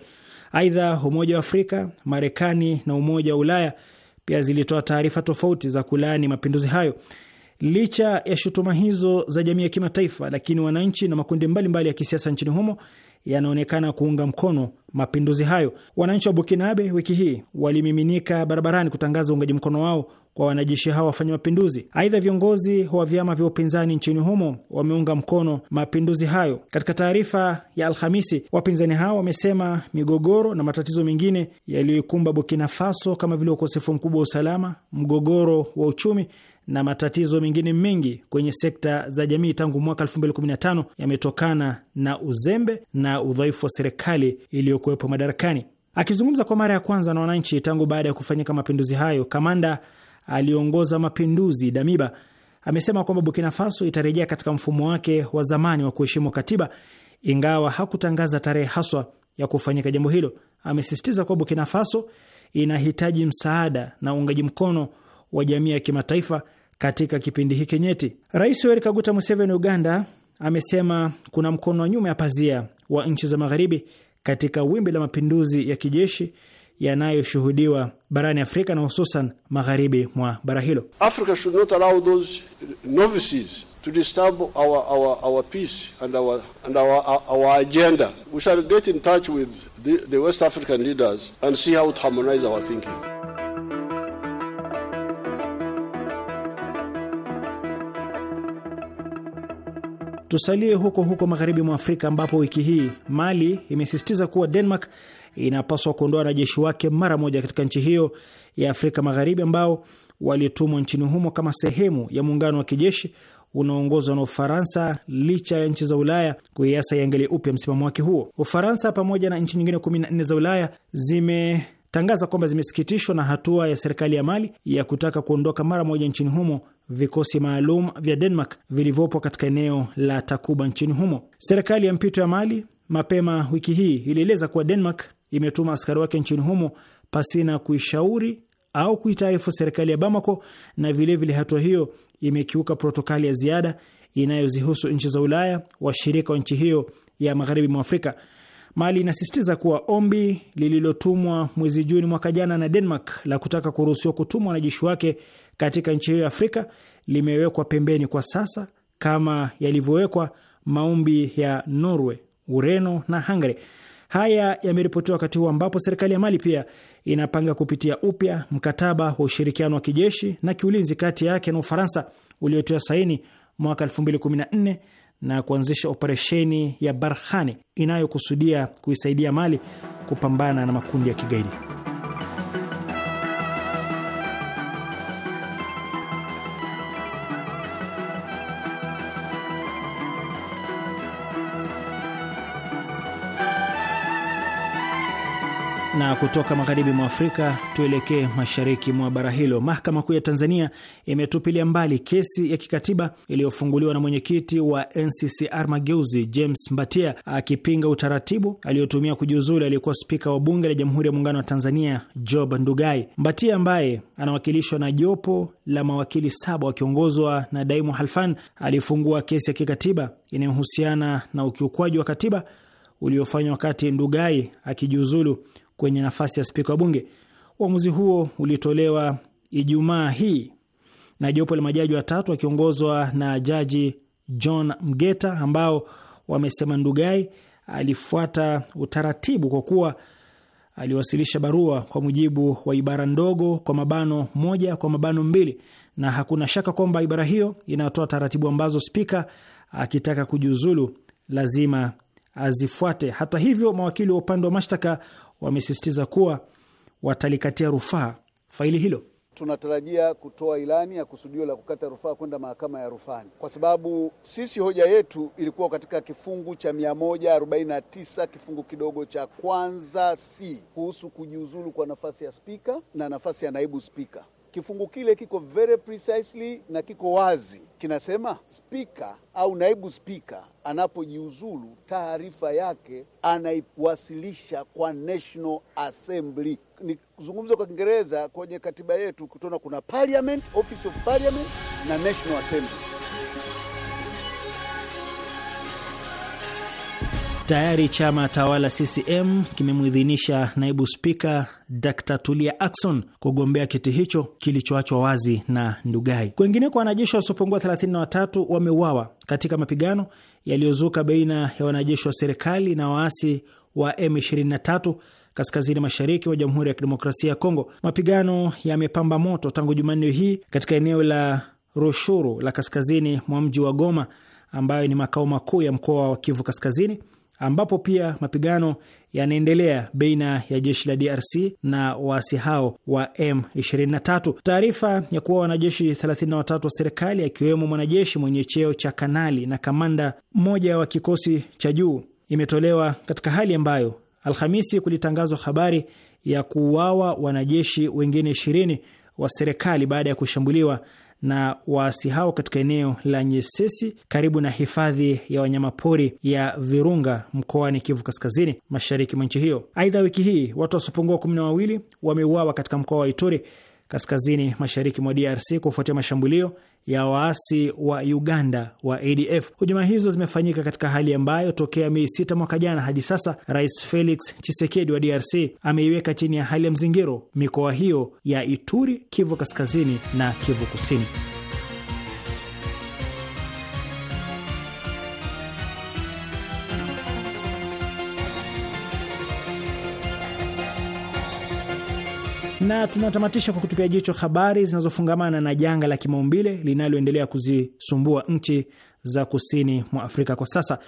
Aidha, Umoja wa Afrika, Marekani na Umoja wa Ulaya pia zilitoa taarifa tofauti za kulaani mapinduzi hayo. Licha ya shutuma hizo za jamii ya kimataifa, lakini wananchi na makundi mbalimbali mbali ya kisiasa nchini humo yanaonekana kuunga mkono mapinduzi hayo. Wananchi wa Bukinabe wiki hii walimiminika barabarani kutangaza uungaji mkono wao kwa wanajeshi hao wafanya mapinduzi. Aidha, viongozi wa vyama vya upinzani nchini humo wameunga mkono mapinduzi hayo. Katika taarifa ya Alhamisi, wapinzani hao wamesema migogoro na matatizo mengine yaliyoikumba Burkina Faso kama vile ukosefu mkubwa wa usalama, mgogoro wa uchumi na matatizo mengine mengi kwenye sekta za jamii tangu mwaka 2015 yametokana na uzembe na udhaifu wa serikali iliyokuwepo madarakani. Akizungumza kwa mara ya kwanza na wananchi tangu baada ya kufanyika mapinduzi hayo, kamanda aliongoza mapinduzi Damiba amesema kwamba Burkina Faso itarejea katika mfumo wake wa zamani wa kuheshimu katiba, ingawa hakutangaza tarehe haswa ya kufanyika jambo hilo. Amesisitiza kuwa Burkina Faso inahitaji msaada na uungaji mkono wa jamii ya kimataifa katika kipindi hiki nyeti. Rais Yoweri Kaguta Museveni Uganda amesema kuna mkono wa nyuma ya pazia wa nchi za magharibi katika wimbi la mapinduzi ya kijeshi yanayoshuhudiwa barani Afrika na hususan magharibi mwa bara hilo. Africa should not allow those novices to disturb our, our, our peace and our, and our, our agenda. We shall get in touch with the, the West African leaders and see how to harmonize our thinking. Tusalie huko huko magharibi mwa Afrika ambapo wiki hii Mali imesisitiza kuwa Denmark inapaswa kuondoa wanajeshi wake mara moja katika nchi hiyo ya Afrika Magharibi ambao walitumwa nchini humo kama sehemu ya muungano wa kijeshi unaoongozwa na Ufaransa licha ya nchi za Ulaya kuiasa iangalie upya msimamo wake huo. Ufaransa pamoja na nchi nyingine 14 za Ulaya zimetangaza kwamba zimesikitishwa na hatua ya serikali ya Mali ya kutaka kuondoka mara moja nchini humo vikosi maalum vya Denmark vilivyopo katika eneo la Takuba nchini humo. Serikali ya mpito ya Mali mapema wiki hii ilieleza kuwa Denmark imetuma askari wake nchini humo pasina kuishauri au kuitaarifu serikali ya Bamako, na vilevile hatua hiyo imekiuka protokali ya ziada inayozihusu nchi za Ulaya, washirika wa nchi hiyo ya magharibi mwa Afrika. Mali inasisitiza kuwa ombi lililotumwa mwezi Juni mwaka jana na Denmark la kutaka kuruhusiwa kutumwa wanajeshi wake katika nchi hiyo ya Afrika limewekwa pembeni kwa sasa, kama yalivyowekwa maombi ya Norway, Ureno na Hungary. Haya yameripotiwa wakati huu ambapo serikali ya Mali pia inapanga kupitia upya mkataba wa ushirikiano wa kijeshi na kiulinzi kati yake na Ufaransa uliotiwa saini mwaka 2014 na kuanzisha operesheni ya barhani inayokusudia kuisaidia Mali kupambana na makundi ya kigaidi. Na kutoka magharibi mwa Afrika tuelekee mashariki mwa bara hilo. Mahakama Kuu ya Tanzania imetupilia mbali kesi ya kikatiba iliyofunguliwa na mwenyekiti wa NCCR Mageuzi, James Mbatia, akipinga utaratibu aliyotumia kujiuzulu aliyekuwa spika wa Bunge la Jamhuri ya Muungano wa Tanzania, Job Ndugai. Mbatia ambaye anawakilishwa na jopo la mawakili saba wakiongozwa na Daimu Halfan alifungua kesi ya kikatiba inayohusiana na ukiukwaji wa katiba uliofanywa wakati Ndugai akijiuzulu kwenye nafasi ya spika wa bunge. Uamuzi huo ulitolewa Ijumaa hii na jopo la majaji watatu wakiongozwa na jaji John Mgeta, ambao wamesema Ndugai alifuata utaratibu kwa kuwa aliwasilisha barua kwa mujibu wa ibara ndogo kwa mabano moja kwa mabano mbili, na hakuna shaka kwamba ibara hiyo inatoa taratibu ambazo spika akitaka kujiuzulu lazima azifuate. Hata hivyo, mawakili wa upande wa mashtaka wamesisitiza kuwa watalikatia rufaa faili hilo. Tunatarajia kutoa ilani ya kusudio la kukata rufaa kwenda mahakama ya rufani, kwa sababu sisi hoja yetu ilikuwa katika kifungu cha 149 kifungu kidogo cha kwanza c si, kuhusu kujiuzulu kwa nafasi ya spika na nafasi ya naibu spika. Kifungu kile kiko very precisely na kiko wazi, kinasema spika au naibu spika anapojiuzulu, taarifa yake anaiwasilisha kwa National Assembly. Nikuzungumza kwa Kiingereza, kwenye katiba yetu kutona kuna Parliament, Office of Parliament na National Assembly. Tayari chama tawala CCM kimemwidhinisha naibu spika d Tulia Akson kugombea kiti hicho kilichoachwa wazi na Ndugai. Kwengineko, wanajeshi wasiopungua 33 wameuawa katika mapigano yaliyozuka baina ya wanajeshi wa serikali na waasi wa M23 kaskazini mashariki mwa Jamhuri ya Kidemokrasia ya Kongo. Mapigano yamepamba moto tangu Jumanne hii katika eneo la Rushuru la kaskazini mwa mji wa Goma, ambayo ni makao makuu ya mkoa wa Kivu Kaskazini ambapo pia mapigano yanaendelea baina ya jeshi la DRC na waasi hao wa M23. Taarifa ya kuwa wanajeshi 33 wa serikali akiwemo mwanajeshi mwenye cheo cha kanali na kamanda mmoja wa kikosi cha juu imetolewa katika hali ambayo Alhamisi kulitangazwa habari ya kuuawa wanajeshi wengine 20 wa serikali baada ya kushambuliwa na waasi hao katika eneo la Nyesesi karibu na hifadhi ya wanyamapori ya Virunga mkoani Kivu Kaskazini, mashariki mwa nchi hiyo. Aidha, wiki hii watu wasiopungua kumi na wawili wameuawa katika mkoa wa Ituri kaskazini mashariki mwa DRC kufuatia mashambulio ya waasi wa Uganda wa ADF. Hujuma hizo zimefanyika katika hali ambayo tokea Mei sita mwaka jana hadi sasa Rais Felix Tshisekedi wa DRC ameiweka chini ya hali ya mzingiro mikoa hiyo ya Ituri, Kivu kaskazini na Kivu kusini. na tunatamatisha kwa kutupia jicho habari zinazofungamana na janga la kimaumbile linaloendelea kuzisumbua nchi za kusini mwa Afrika kwa sasa.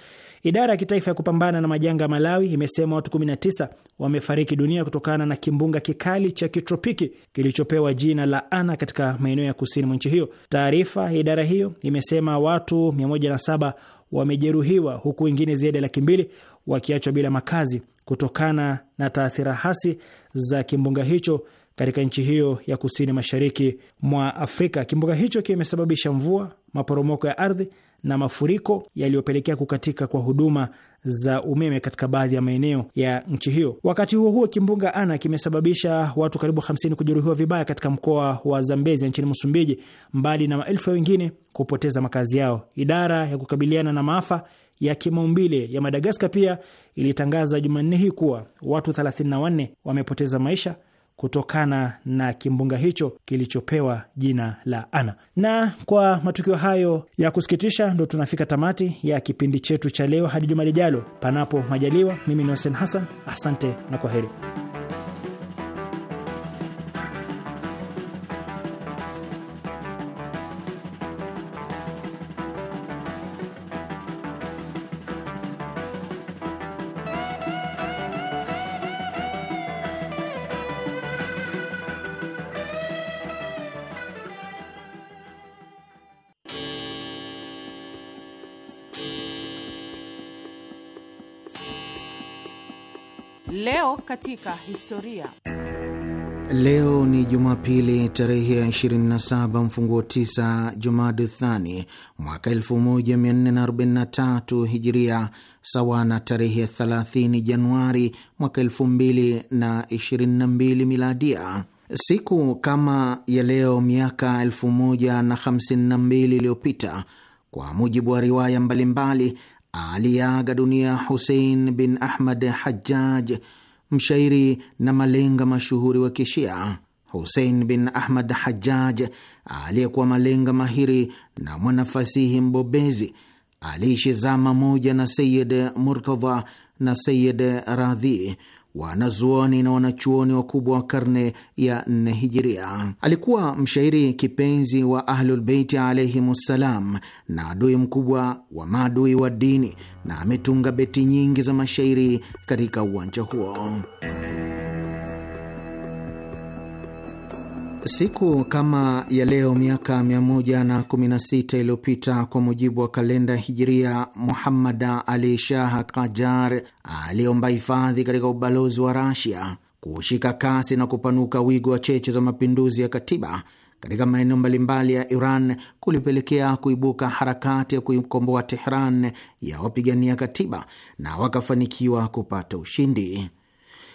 Idara ya kitaifa ya kupambana na majanga ya Malawi imesema watu 19 wamefariki dunia kutokana na kimbunga kikali cha kitropiki kilichopewa jina la Ana katika maeneo ya kusini mwa nchi hiyo. Taarifa ya idara hiyo imesema watu 107 wamejeruhiwa huku wengine zaidi ya laki mbili wakiachwa bila makazi kutokana na taathira hasi za kimbunga hicho katika nchi hiyo ya kusini mashariki mwa Afrika. Kimbunga hicho kimesababisha mvua, maporomoko ya ardhi na mafuriko yaliyopelekea kukatika kwa huduma za umeme katika baadhi ya maeneo ya nchi hiyo. Wakati huo huo, kimbunga Ana kimesababisha watu karibu 50 kujeruhiwa vibaya katika mkoa wa Zambezia nchini Msumbiji, mbali na maelfu ya wengine kupoteza makazi yao. Idara ya kukabiliana na maafa ya kimaumbile ya Madagaskar pia ilitangaza Jumanne hii kuwa watu 34 wamepoteza maisha kutokana na kimbunga hicho kilichopewa jina la Ana. Na kwa matukio hayo ya kusikitisha, ndo tunafika tamati ya kipindi chetu cha leo. Hadi juma lijalo, panapo majaliwa, mimi ni Hussein Hassan, asante na kwa heri. katika historia. Leo ni Jumapili tarehe ya 27 mfunguo 9 Jumada Thani mwaka 1443 Hijiria, sawa na tarehe ya 30 Januari mwaka 2022 Miladia. Siku kama ya leo miaka 1052 iliyopita, kwa mujibu wa riwaya mbalimbali, aliaga dunia Husein bin Ahmad Hajjaj mshairi na malenga mashuhuri wa Kishia Husein bin Ahmad Hajjaj aliyekuwa malenga mahiri na mwanafasihi mbobezi aliishi zama moja na Sayid Murtadha na Sayid Radhi wanazuoni na wanachuoni wakubwa wa karne ya nne hijiria. Alikuwa mshairi kipenzi wa Ahlulbeiti alaihimussalam na adui mkubwa wa maadui wa dini, na ametunga beti nyingi za mashairi katika uwanja huo. Siku kama ya leo miaka 116 iliyopita kwa mujibu wa kalenda Hijiria, Muhammad Ali Shah Kajar aliomba hifadhi katika ubalozi wa Rasia. Kushika kasi na kupanuka wigo wa cheche za mapinduzi ya katiba katika maeneo mbalimbali ya Iran kulipelekea kuibuka harakati ya kuikomboa Tehran ya wapigania katiba na wakafanikiwa kupata ushindi.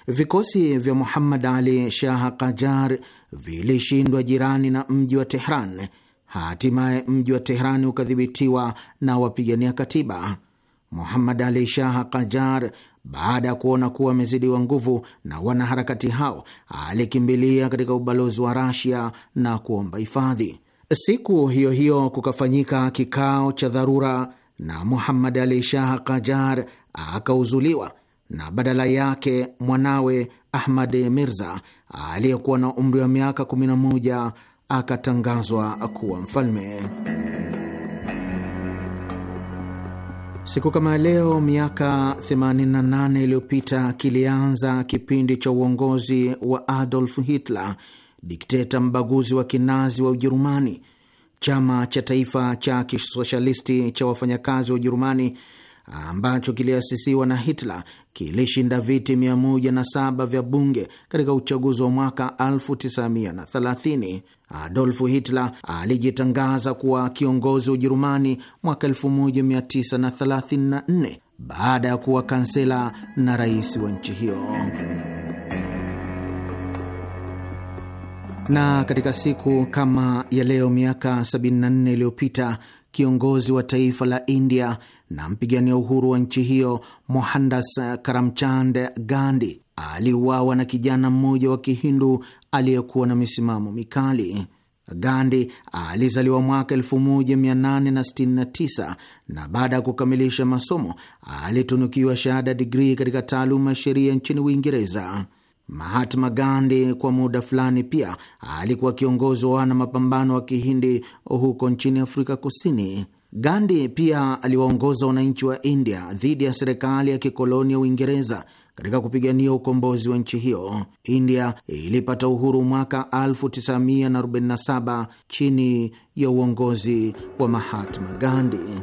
Vikosi vya Muhammad Ali Shah Kajar vilishindwa jirani na mji wa Tehran. Hatimaye mji wa Tehran ukadhibitiwa na wapigania katiba. Muhammad Ali Shah Kajar, baada ya kuona kuwa amezidiwa nguvu na wanaharakati hao, alikimbilia katika ubalozi wa Rasia na kuomba hifadhi. Siku hiyo hiyo kukafanyika kikao cha dharura na Muhammad Ali Shah Kajar akauzuliwa na badala yake mwanawe Ahmad Mirza aliyekuwa na umri wa miaka 11 akatangazwa kuwa mfalme. Siku kama leo miaka 88 iliyopita kilianza kipindi cha uongozi wa Adolf Hitler, dikteta mbaguzi wa kinazi wa Ujerumani. Chama cha taifa cha kisoshalisti cha wafanyakazi wa Ujerumani ambacho kiliasisiwa na Hitler kilishinda viti 107 vya bunge katika uchaguzi wa mwaka 1930. Adolfu Hitler alijitangaza kuwa kiongozi wa Ujerumani mwaka 1934 baada ya kuwa kansela na rais wa nchi hiyo. Na katika siku kama ya leo miaka 74 iliyopita kiongozi wa taifa la India na mpigania uhuru wa nchi hiyo Mohandas Karamchand Gandhi aliuawa na kijana mmoja wa Kihindu aliyekuwa na misimamo mikali. Gandhi alizaliwa mwaka 1869 na baada ya kukamilisha masomo alitunukiwa shahada digrii katika taaluma ya sheria nchini Uingereza. Mahatma Gandhi kwa muda fulani pia alikuwa kiongozi wa wana mapambano wa Kihindi huko nchini Afrika Kusini. Gandhi pia aliwaongoza wananchi wa India dhidi ya serikali ya kikoloni ya Uingereza katika kupigania ukombozi wa nchi hiyo. India ilipata uhuru mwaka 1947 chini ya uongozi wa Mahatma Gandhi.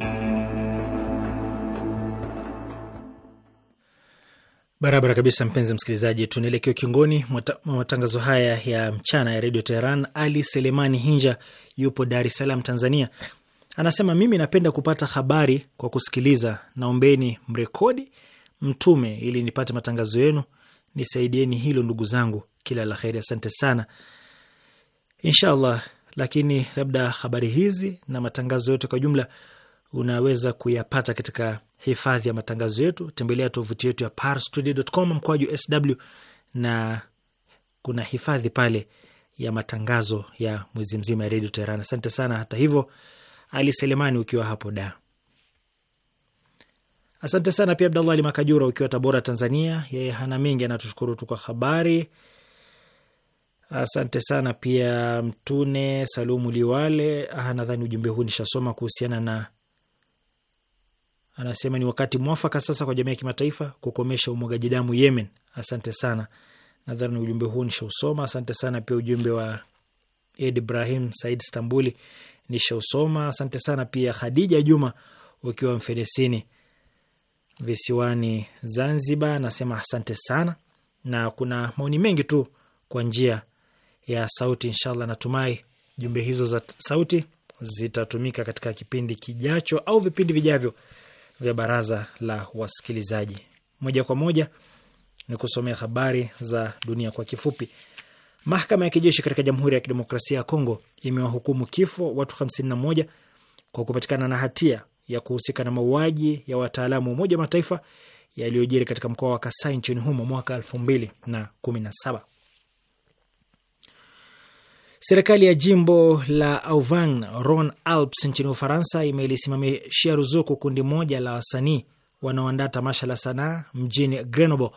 Barabara kabisa, mpenzi msikilizaji, tunaelekea kiongoni mwa matangazo haya ya mchana ya redio Teheran. Ali Selemani Hinja yupo Dar es Salaam, Tanzania, Anasema, mimi napenda kupata habari kwa kusikiliza. Naombeni mrekodi mtume ili nipate matangazo yenu, nisaidieni hilo ndugu zangu, kila la heri. Asante sana, inshallah. Lakini labda habari hizi na matangazo yote kwa jumla unaweza kuyapata katika hifadhi ya matangazo yetu. Tembelea tovuti yetu ya parstoday.com mkwaju sw, na kuna hifadhi pale ya matangazo ya mwezi mzima ya redio Teheran. Asante sana. Hata hivyo ali Selemani ukiwa hapo da. Asante sana pia Abdallah Ali Makajura ukiwa Tabora, Tanzania. Yeye hana mengi, anatushukuru tu kwa habari. Asante sana pia Mtune Salumu Liwale. Ah, nadhani ujumbe huu nishasoma kuhusiana na, anasema ni wakati mwafaka sasa kwa jamii ya kimataifa kukomesha umwagaji damu Yemen. Asante sana, nadhani ujumbe huu nishausoma. Asante sana pia ujumbe wa Ed Ibrahim Said Stambuli nishausoma. Asante sana pia Khadija Juma ukiwa mfenesini visiwani Zanzibar, nasema asante sana, na kuna maoni mengi tu kwa njia ya sauti. Inshallah, natumai jumbe hizo za sauti zitatumika katika kipindi kijacho au vipindi vijavyo vya baraza la wasikilizaji. Moja kwa moja ni kusomea habari za dunia kwa kifupi. Mahakama ya kijeshi katika Jamhuri ya Kidemokrasia ya Kongo imewahukumu kifo watu 51 kwa kupatikana na hatia ya kuhusika na mauaji ya wataalamu wa Umoja Mataifa yaliyojiri katika mkoa wa Kasai nchini humo mwaka 2017. Serikali ya jimbo la Auvergne Rhone Alps nchini Ufaransa imelisimamishia ruzuku kundi moja la wasanii wanaoandaa tamasha la sanaa mjini Grenoble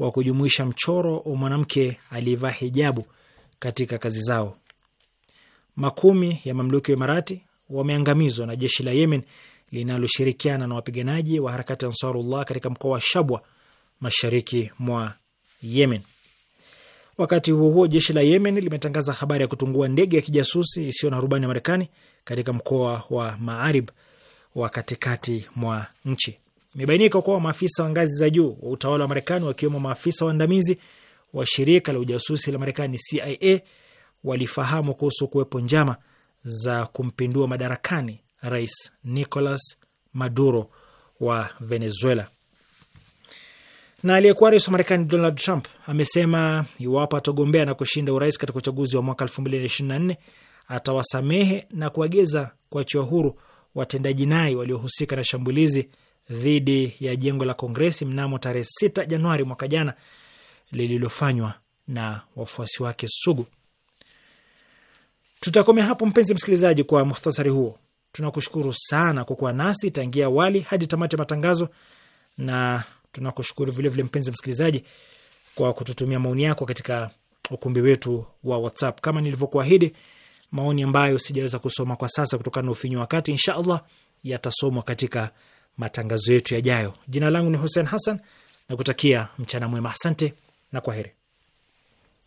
kwa kujumuisha mchoro wa mwanamke aliyevaa hijabu katika kazi zao. Makumi ya mamluki wa Imarati wameangamizwa na jeshi la Yemen linaloshirikiana na wapiganaji wa harakati ya Ansarullah katika mkoa wa Shabwa, mashariki mwa Yemen. Wakati huo huo, jeshi la Yemen limetangaza habari ya kutungua ndege ya kijasusi isiyo na rubani ya Marekani katika mkoa wa Maarib wa katikati mwa nchi. Imebainika kuwa maafisa wa ngazi za juu wa utawala wa Marekani, wakiwemo maafisa waandamizi wa shirika la ujasusi la Marekani CIA walifahamu kuhusu kuwepo njama za kumpindua madarakani Rais Nicolas Maduro wa Venezuela. Na aliyekuwa rais wa Marekani Donald Trump amesema iwapo atagombea na kushinda urais katika uchaguzi wa mwaka 2024 atawasamehe na kuagiza kuachiwa huru watendaji nai waliohusika na shambulizi dhidi ya jengo la Kongresi mnamo tarehe 6 Januari mwaka jana lililofanywa na wafuasi wake sugu. Tutakomea hapo mpenzi msikilizaji, kwa muhtasari huo. Tunakushukuru sana kwa kuwa nasi tangia awali hadi tamati ya matangazo, na tunakushukuru vilevile mpenzi msikilizaji kwa kututumia maoni yako katika ukumbi wetu wa WhatsApp kama nilivyokuahidi. Maoni ambayo sijaweza kusoma kwa sasa kutokana na ufinyu wa wakati, insha allah yatasomwa katika matangazo yetu yajayo. Jina langu ni Hussein Hassan na kutakia mchana mwema. Asante na kwa heri.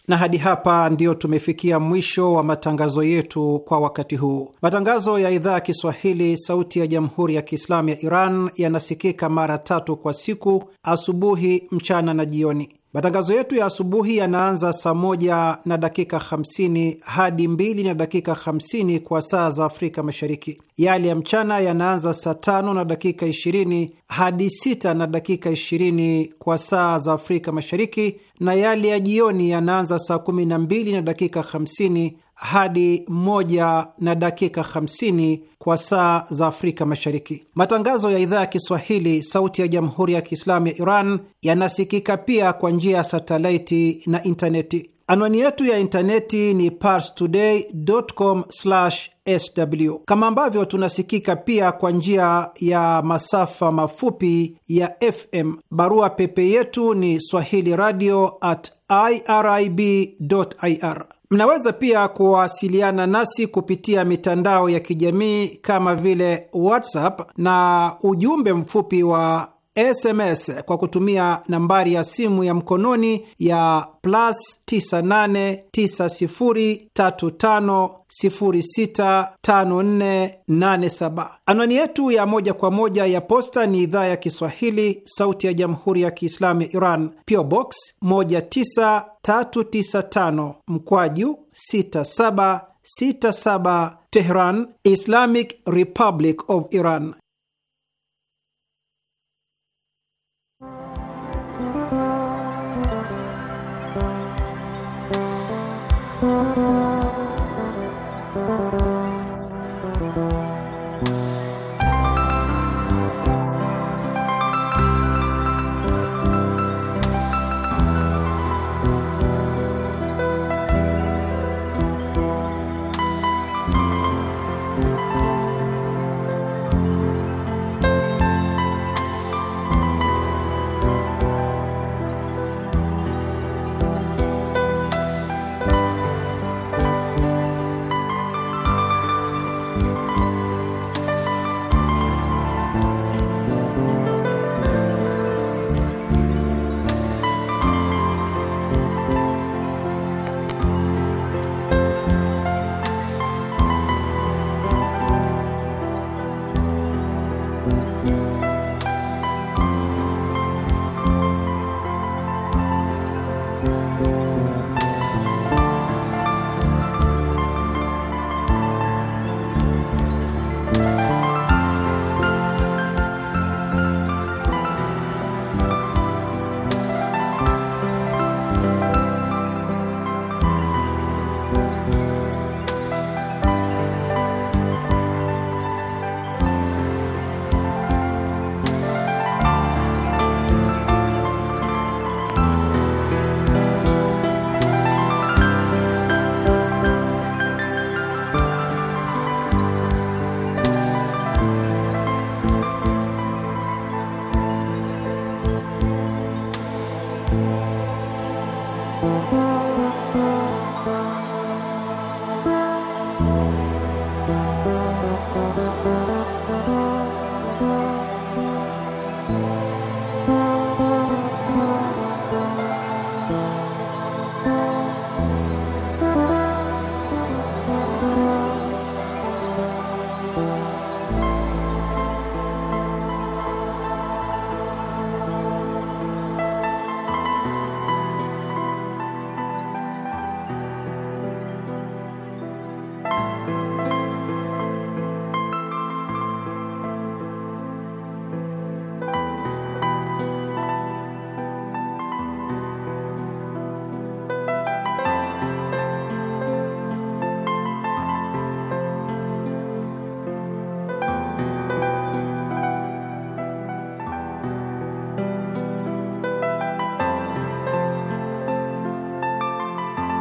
Na hadi hapa ndiyo tumefikia mwisho wa matangazo yetu kwa wakati huu. Matangazo ya idhaa ya Kiswahili sauti ya jamhuri ya Kiislamu ya Iran yanasikika mara tatu kwa siku: asubuhi, mchana na jioni Matangazo yetu ya asubuhi yanaanza saa moja na dakika 50 hadi 2 na dakika 50 kwa saa za Afrika Mashariki. Yale ya mchana yanaanza saa tano na dakika 20 hadi 6 na dakika 20 kwa saa za Afrika Mashariki, na yale ya jioni yanaanza saa 12 na dakika 50 hadi moja na dakika 50 kwa saa za Afrika Mashariki. Matangazo ya idhaa ya Kiswahili sauti ya Jamhuri ya Kiislamu ya Iran yanasikika pia kwa njia ya satelaiti na intaneti. Anwani yetu ya intaneti ni parstoday.com/sw, kama ambavyo tunasikika pia kwa njia ya masafa mafupi ya FM. Barua pepe yetu ni swahili radio at irib.ir. Mnaweza pia kuwasiliana nasi kupitia mitandao ya kijamii kama vile WhatsApp na ujumbe mfupi wa SMS kwa kutumia nambari ya simu ya mkononi ya plus 989035065487. Anwani yetu ya moja kwa moja ya posta ni idhaa ya Kiswahili, sauti ya jamhuri ya kiislamu ya Iran, PO Box 19395 mkwaju 6767 Tehran, Islamic Republic of Iran.